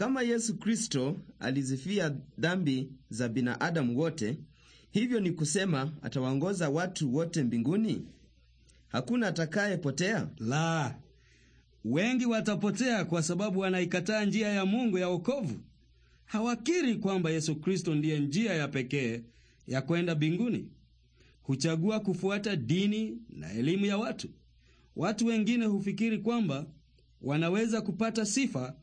Kama Yesu Kristo alizifia dhambi za binadamu wote, hivyo ni kusema atawaongoza watu wote mbinguni? Hakuna atakayepotea? La, wengi watapotea kwa sababu wanaikataa njia ya Mungu ya wokovu. Hawakiri kwamba Yesu Kristo ndiye njia ya pekee ya kwenda mbinguni. Huchagua kufuata dini na elimu ya watu. Watu wengine hufikiri kwamba wanaweza kupata sifa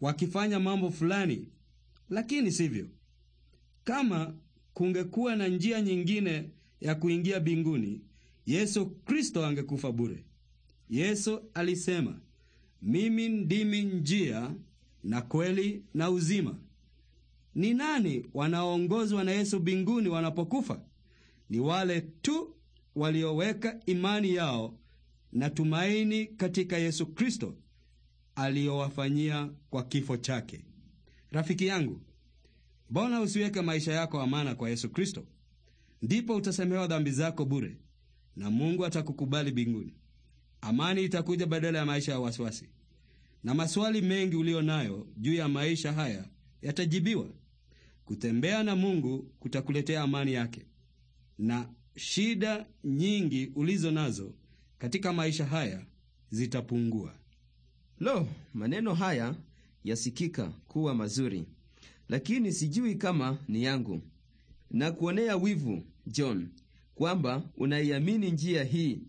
wakifanya mambo fulani, lakini sivyo. Kama kungekuwa na njia nyingine ya kuingia binguni Yesu Kristo angekufa bure. Yesu alisema, mimi ndimi njia na kweli na uzima. Ni nani wanaoongozwa na Yesu binguni wanapokufa? Ni wale tu walioweka imani yao na tumaini katika Yesu Kristo aliyowafanyia kwa kifo chake. Rafiki yangu, mbona usiweke maisha yako amana kwa Yesu Kristo? Ndipo utasemewa dhambi zako bure na Mungu atakukubali binguni Amani itakuja badala ya maisha ya wasiwasi, na maswali mengi uliyo nayo juu ya maisha haya yatajibiwa. Kutembea na Mungu kutakuletea amani yake, na shida nyingi ulizo nazo katika maisha haya zitapungua. Lo, maneno haya yasikika kuwa mazuri, lakini sijui kama ni yangu. nakuonea wivu John kwamba unaiamini njia hii